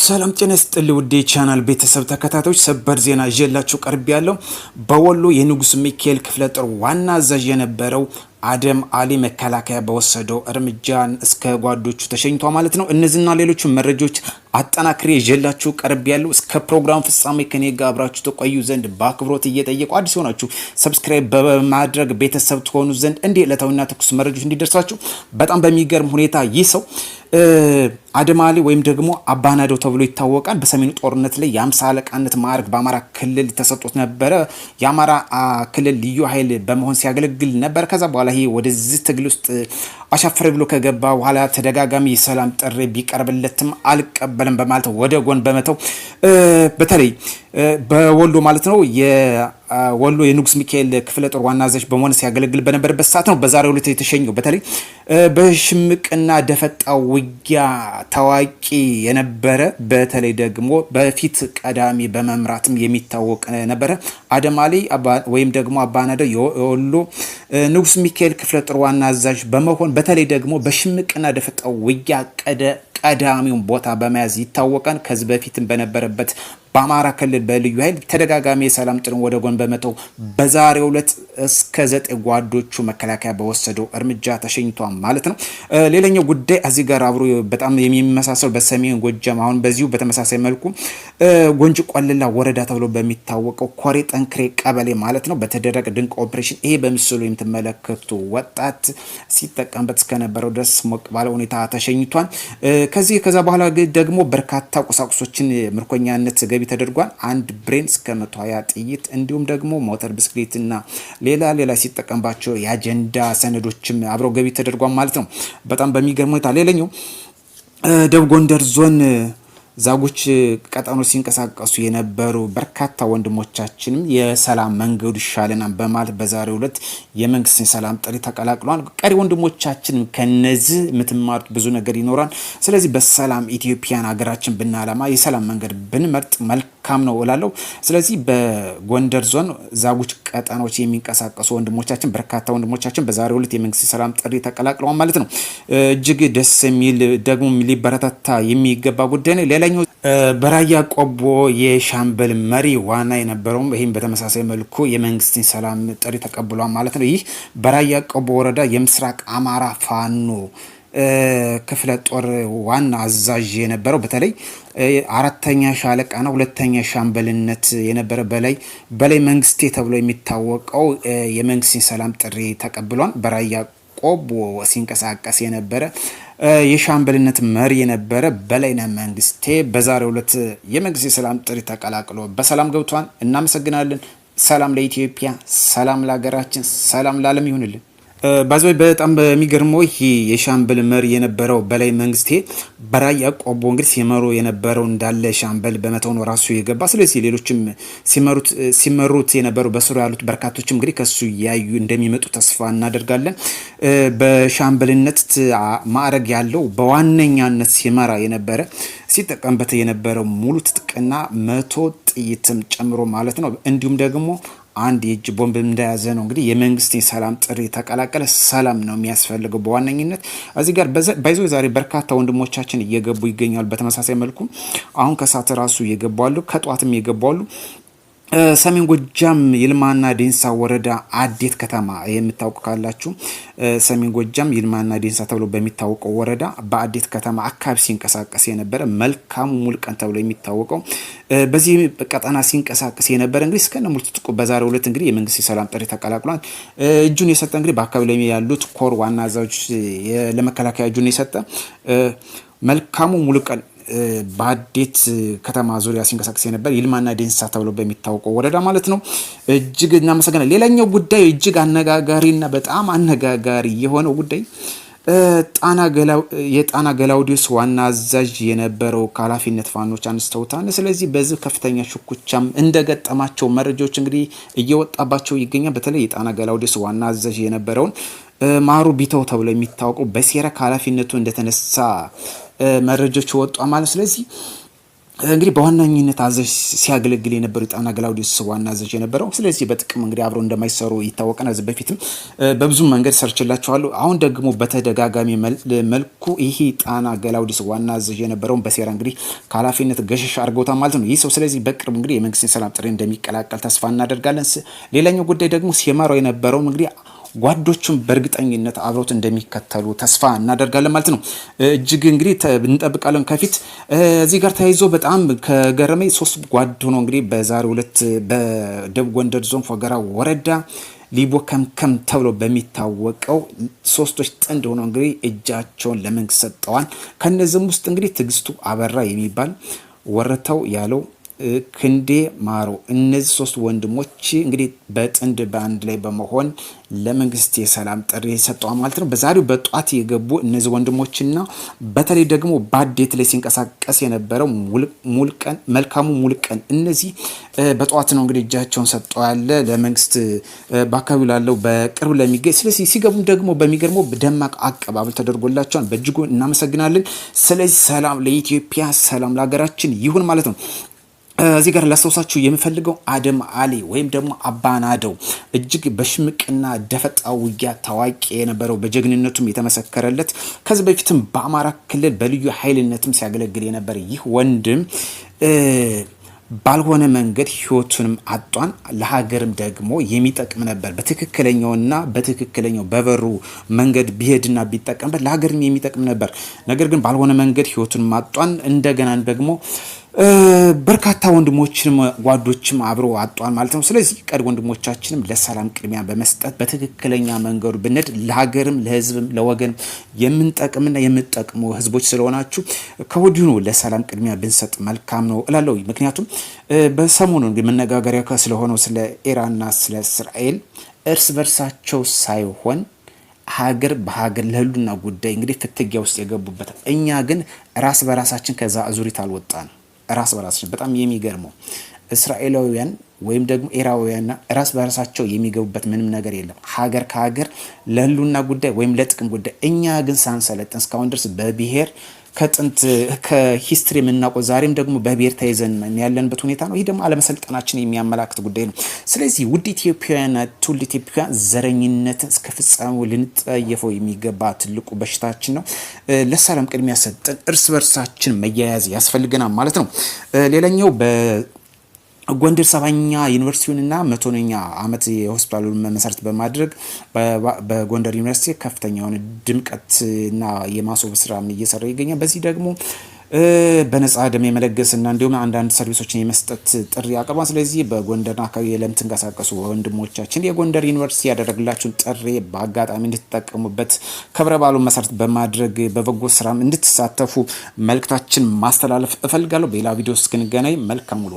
ሰላም ጤና ይስጥልኝ ውድ ቻናል ቤተሰብ ተከታታዮች፣ ሰበር ዜና ይዤላችሁ ቀርብ ያለው በወሎ የንጉስ ሚካኤል ክፍለ ጦር ዋና አዛዥ የነበረው አደም አሊ መከላከያ በወሰደው እርምጃን እስከ ጓዶቹ ተሸኝቷ ማለት ነው። እነዚህና ሌሎች መረጃዎች አጠናክሬ ይዤላችሁ ቀርብ ያለው እስከ ፕሮግራም ፍጻሜ ከኔ ጋር አብራችሁ ተቆዩ ዘንድ በአክብሮት እየጠየቁ አዲስ ሆናችሁ ሰብስክራይብ በማድረግ ቤተሰብ ትሆኑ ዘንድ እንዲህ ዕለታዊና ትኩስ መረጃዎች እንዲደርሳችሁ በጣም በሚገርም ሁኔታ ይህ ሰው አደም አሊ ወይም ደግሞ አባናደው ተብሎ ይታወቃል። በሰሜኑ ጦርነት ላይ የአምሳ አለቃነት ማዕረግ በአማራ ክልል ተሰጦት ነበረ። የአማራ ክልል ልዩ ኃይል በመሆን ሲያገለግል ነበረ። ከዛ በኋላ ሳላሂ ወደዚህ ትግል ውስጥ አሻፈረ ብሎ ከገባ በኋላ ተደጋጋሚ የሰላም ጥሪ ቢቀርብለትም አልቀበልም በማለት ወደ ጎን በመተው በተለይ በወሎ ማለት ነው ወሎ የንጉስ ሚካኤል ክፍለ ጦር ዋና አዛዥ በመሆን ሲያገለግል በነበረበት ሰዓት ነው በዛሬው ዕለት የተሸኘው። በተለይ በሽምቅና ደፈጣ ውጊያ ታዋቂ የነበረ በተለይ ደግሞ በፊት ቀዳሚ በመምራትም የሚታወቅ ነበረ። አደማሊ ወይም ደግሞ አባናደ የወሎ ንጉስ ሚካኤል ክፍለ ጦር ዋና አዛዥ በመሆን በተለይ ደግሞ በሽምቅና ደፈጣ ውጊያ ቀደ ቀዳሚውን ቦታ በመያዝ ይታወቃል። ከዚህ በፊትም በነበረበት በአማራ ክልል በልዩ ኃይል ተደጋጋሚ የሰላም ጥሪን ወደ ጎን በመተው በዛሬው ዕለት እስከ ዘጠኝ ጓዶቹ መከላከያ በወሰደው እርምጃ ተሸኝቷል ማለት ነው። ሌላኛው ጉዳይ እዚህ ጋር አብሮ በጣም የሚመሳሰሉ በሰሜን ጎጃም አሁን በዚሁ በተመሳሳይ መልኩ ጎንጅ ቆልላ ወረዳ ተብሎ በሚታወቀው ኮሬ ጠንክሬ ቀበሌ ማለት ነው በተደረገ ድንቅ ኦፕሬሽን ይሄ በምስሉ የምትመለከቱ ወጣት ሲጠቀምበት እስከነበረው ድረስ ሞቅ ባለ ሁኔታ ተሸኝቷል። ከዚህ ከዛ በኋላ ደግሞ በርካታ ቁሳቁሶችን ምርኮኛነት ገቢ ገቢ ተደርጓል። አንድ ብሬን እስከ ሀያ ጥይት እንዲሁም ደግሞ ሞተር ብስክሌትና ሌላ ሌላ ሲጠቀምባቸው የአጀንዳ ሰነዶችም አብረው ገቢ ተደርጓል ማለት ነው። በጣም በሚገርም ሁኔታ ሌላኛው ደቡብ ጎንደር ዞን ዛጉች ቀጠኖ ሲንቀሳቀሱ የነበሩ በርካታ ወንድሞቻችንም የሰላም መንገዱ ይሻለናል በማለት በዛሬው ዕለት የመንግስት የሰላም ጥሪ ተቀላቅሏል። ቀሪ ወንድሞቻችንም ከነዚህ የምትማሩት ብዙ ነገር ይኖራል። ስለዚህ በሰላም ኢትዮጵያን ሀገራችን ብናለማ የሰላም መንገድ ብንመርጥ መልካም ነው እላለሁ። ስለዚህ በጎንደር ዞን ዛጉች ቀጠናዎች የሚንቀሳቀሱ ወንድሞቻችን በርካታ ወንድሞቻችን በዛሬው ዕለት የመንግስት ሰላም ጥሪ ተቀላቅለዋል ማለት ነው። እጅግ ደስ የሚል ደግሞ ሊበረታታ የሚገባ ጉዳይ ነው። ሌላኛው በራያ ቆቦ የሻምበል መሪ ዋና የነበረውም ይህም በተመሳሳይ መልኩ የመንግስትን ሰላም ጥሪ ተቀብሏል ማለት ነው። ይህ በራያ ቆቦ ወረዳ የምስራቅ አማራ ፋኖ ክፍለ ጦር ዋና አዛዥ የነበረው በተለይ አራተኛ ሻለቃና ሁለተኛ ሻምበልነት የነበረ በላይ በላይ መንግስቴ ተብሎ የሚታወቀው የመንግስትን ሰላም ጥሪ ተቀብሏል። በራያ ቆቦ ሲንቀሳቀስ የነበረ የሻምበልነት መሪ የነበረ በላይነ መንግስቴ በዛሬው ዕለት የመንግስት የሰላም ጥሪ ተቀላቅሎ በሰላም ገብቷል። እናመሰግናለን። ሰላም ለኢትዮጵያ፣ ሰላም ለሀገራችን፣ ሰላም ለዓለም ይሁንልን። ባዚወይ በጣም በሚገርመው ይሄ የሻምበል መሪ የነበረው በላይ መንግስቴ በራያ ቆቦ እንግዲህ ሲመሩ የነበረው እንዳለ ሻምበል በመተው ነው ራሱ የገባ። ስለዚህ ሌሎችም ሲመሩት የነበሩ በስሩ ያሉት በርካቶችም እንግዲህ ከሱ ያዩ እንደሚመጡ ተስፋ እናደርጋለን። በሻምበልነት ማዕረግ ያለው በዋነኛነት ሲመራ የነበረ ሲጠቀምበት የነበረው ሙሉ ትጥቅና መቶ ጥይትም ጨምሮ ማለት ነው እንዲሁም ደግሞ አንድ የእጅ ቦምብ እንደያዘ ነው እንግዲህ የመንግስትን ሰላም ጥሪ የተቀላቀለ ሰላም ነው የሚያስፈልገው በዋነኝነት እዚህ ጋር ባይዞ ዛሬ በርካታ ወንድሞቻችን እየገቡ ይገኛሉ። በተመሳሳይ መልኩ አሁን ከሳት ራሱ እየገባሉ ከጠዋትም እየገባሉ ሰሜን ጎጃም ይልማና ዴንሳ ወረዳ አዴት ከተማ የምታውቁ ካላችሁ ሰሜን ጎጃም ይልማና ዴንሳ ተብሎ በሚታወቀው ወረዳ በአዴት ከተማ አካባቢ ሲንቀሳቀስ የነበረ መልካሙ ሙልቀን ተብሎ የሚታወቀው በዚህ ቀጠና ሲንቀሳቀስ የነበረ እንግዲህ እስከነ ሙሉ ትጥቁ በዛሬ ሁለት እንግዲህ የመንግስት የሰላም ጥሪ ተቀላቅሏል። እጁን የሰጠ እንግዲህ በአካባቢ ላይ ያሉት ኮር ዋና አዛዦች ለመከላከያ እጁን የሰጠ መልካሙ ሙልቀን በአዴት ከተማ ዙሪያ ሲንቀሳቀስ የነበር ይልማና ደንሳ ተብሎ በሚታወቀው ወረዳ ማለት ነው። እጅግ እናመሰግናል። ሌላኛው ጉዳይ እጅግ አነጋጋሪና በጣም አነጋጋሪ የሆነው ጉዳይ የጣና ገላውዲዮስ ዋና አዛዥ የነበረው ከኃላፊነት ፋኖች አንስተውታል። ስለዚህ በዚህ ከፍተኛ ሽኩቻም እንደገጠማቸው መረጃዎች እንግዲህ እየወጣባቸው ይገኛል። በተለይ የጣና ገላውዲዮስ ዋና አዛዥ የነበረውን ማሩ ቢተው ተብሎ የሚታወቀው በሴራ ኃላፊነቱ እንደተነሳ መረጃዎች ወጧ ማለት ስለዚህ እንግዲህ በዋናኝነት አዛዥ ሲያገለግል የነበሩ የጣና ገላውዲዮስ ዋና አዛዥ የነበረው ስለዚህ በጥቅም እንግዲህ አብረው እንደማይሰሩ ይታወቀን ከዚህ በፊትም በብዙ መንገድ ሰርችላቸዋለሁ። አሁን ደግሞ በተደጋጋሚ መልኩ ይህ ጣና ገላውዲዮስ ዋና አዘዥ የነበረውን በሴራ እንግዲህ ከሀላፊነት ገሸሽ አድርገውታ ማለት ነው ይህ ሰው። ስለዚህ በቅርብ እንግዲህ የመንግስትን ሰላም ጥሪ እንደሚቀላቀል ተስፋ እናደርጋለን። ሌላኛው ጉዳይ ደግሞ ሲመራው የነበረውም እንግዲህ ጓዶቹም በእርግጠኝነት አብሮት እንደሚከተሉ ተስፋ እናደርጋለን ማለት ነው። እጅግ እንግዲህ እንጠብቃለን። ከፊት እዚህ ጋር ተያይዞ በጣም ከገረመኝ ሶስት ጓድ ሆኖ እንግዲህ በዛሬው ዕለት በደቡብ ጎንደር ዞን ፎገራ ወረዳ ሊቦ ከምከም ተብሎ በሚታወቀው ሶስቶች ጥንድ ሆኖ እንግዲህ እጃቸውን ለመንግስት ሰጠዋል። ከነዚህም ውስጥ እንግዲህ ትዕግስቱ አበራ የሚባል ወረታው ያለው ክንዴ ማሩ እነዚህ ሶስት ወንድሞች እንግዲህ በጥንድ በአንድ ላይ በመሆን ለመንግስት የሰላም ጥሪ ሰጠዋ ማለት ነው። በዛሬው በጧት የገቡ እነዚህ ወንድሞችና በተለይ ደግሞ ባዴት ላይ ሲንቀሳቀስ የነበረው ሙልቀን መልካሙ ሙልቀን እነዚህ በጠዋት ነው እንግዲህ እጃቸውን ሰጠው ያለ ለመንግስት በአካባቢው ላለው በቅርብ ለሚገኝ ስለዚህ ሲገቡም ደግሞ በሚገርመው ደማቅ አቀባበል ተደርጎላቸዋል። በእጅጉ እናመሰግናለን። ስለዚህ ሰላም ለኢትዮጵያ፣ ሰላም ለሀገራችን ይሁን ማለት ነው። እዚህ ጋር ላስታውሳችሁ የምፈልገው አደም አሊ ወይም ደግሞ አባናደው እጅግ በሽምቅና ደፈጣ ውጊያ ታዋቂ የነበረው በጀግንነቱም የተመሰከረለት ከዚህ በፊትም በአማራ ክልል በልዩ ኃይልነትም ሲያገለግል የነበረ ይህ ወንድም ባልሆነ መንገድ ህይወቱንም አጧን። ለሀገርም ደግሞ የሚጠቅም ነበር። በትክክለኛውና በትክክለኛው በበሩ መንገድ ቢሄድና ቢጠቀምበት ለሀገርም የሚጠቅም ነበር። ነገር ግን ባልሆነ መንገድ ህይወቱንም አጧን። እንደገና ደግሞ በርካታ ወንድሞችንም ጓዶችም አብሮ አጧል ማለት ነው። ስለዚህ ቀድ ወንድሞቻችንም ለሰላም ቅድሚያ በመስጠት በትክክለኛ መንገዱ ብንሄድ ለሀገርም ለህዝብም ለወገንም የምንጠቅምና የምንጠቅሙ ህዝቦች ስለሆናችሁ ከወዲሁ ለሰላም ቅድሚያ ብንሰጥ መልካም ነው እላለሁ። ምክንያቱም በሰሞኑን መነጋገሪያ ስለሆነው ስለ ኢራንና ስለ እስራኤል እርስ በርሳቸው ሳይሆን ሀገር በሀገር ለህሉና ጉዳይ እንግዲህ ፍትጊያ ውስጥ የገቡበት እኛ ግን ራስ በራሳችን ከዛ አዙሪት አልወጣን። ራስ በራሳችን በጣም የሚገርመው እስራኤላውያን ወይም ደግሞ ኤራውያንና ራስ በራሳቸው የሚገቡበት ምንም ነገር የለም፣ ሀገር ከሀገር ለህሉና ጉዳይ ወይም ለጥቅም ጉዳይ። እኛ ግን ሳንሰለጥን እስካሁን ድረስ በብሔር ከጥንት ከሂስትሪ የምናውቀው ዛሬም ደግሞ በብሔር ተይዘን ያለንበት ሁኔታ ነው። ይህ ደግሞ አለመሰልጠናችን የሚያመላክት ጉዳይ ነው። ስለዚህ ውድ ኢትዮጵያውያን፣ ትውልድ ኢትዮጵያውያን ዘረኝነትን እስከ ፍጻሜው ልንጠየፈው የሚገባ ትልቁ በሽታችን ነው። ለሰላም ቅድሚያ እርስ በርሳችን መያያዝ ያስፈልገናል ማለት ነው። ሌላኛው ጎንደር ሰባኛ ዩኒቨርሲቲውንና መቶነኛ ዓመት የሆስፒታሉን መመሰረት በማድረግ በጎንደር ዩኒቨርሲቲ ከፍተኛ የሆነ ድምቀትና የማስዋብ ስራ እየሰራ ይገኛል። በዚህ ደግሞ በነጻ ደም የመለገስ እና እንዲሁም አንዳንድ ሰርቪሶችን የመስጠት ጥሪ አቅርቧል። ስለዚህ በጎንደርና አካባቢ ለምትንቀሳቀሱ ወንድሞቻችን የጎንደር ዩኒቨርሲቲ ያደረግላችሁን ጥሪ በአጋጣሚ እንድትጠቀሙበት ክብረ በዓሉን መሰረት በማድረግ በበጎ ስራም እንድትሳተፉ መልእክታችን ማስተላለፍ እፈልጋለሁ። በሌላ ቪዲዮ እስክንገናኝ መልካም ውሎ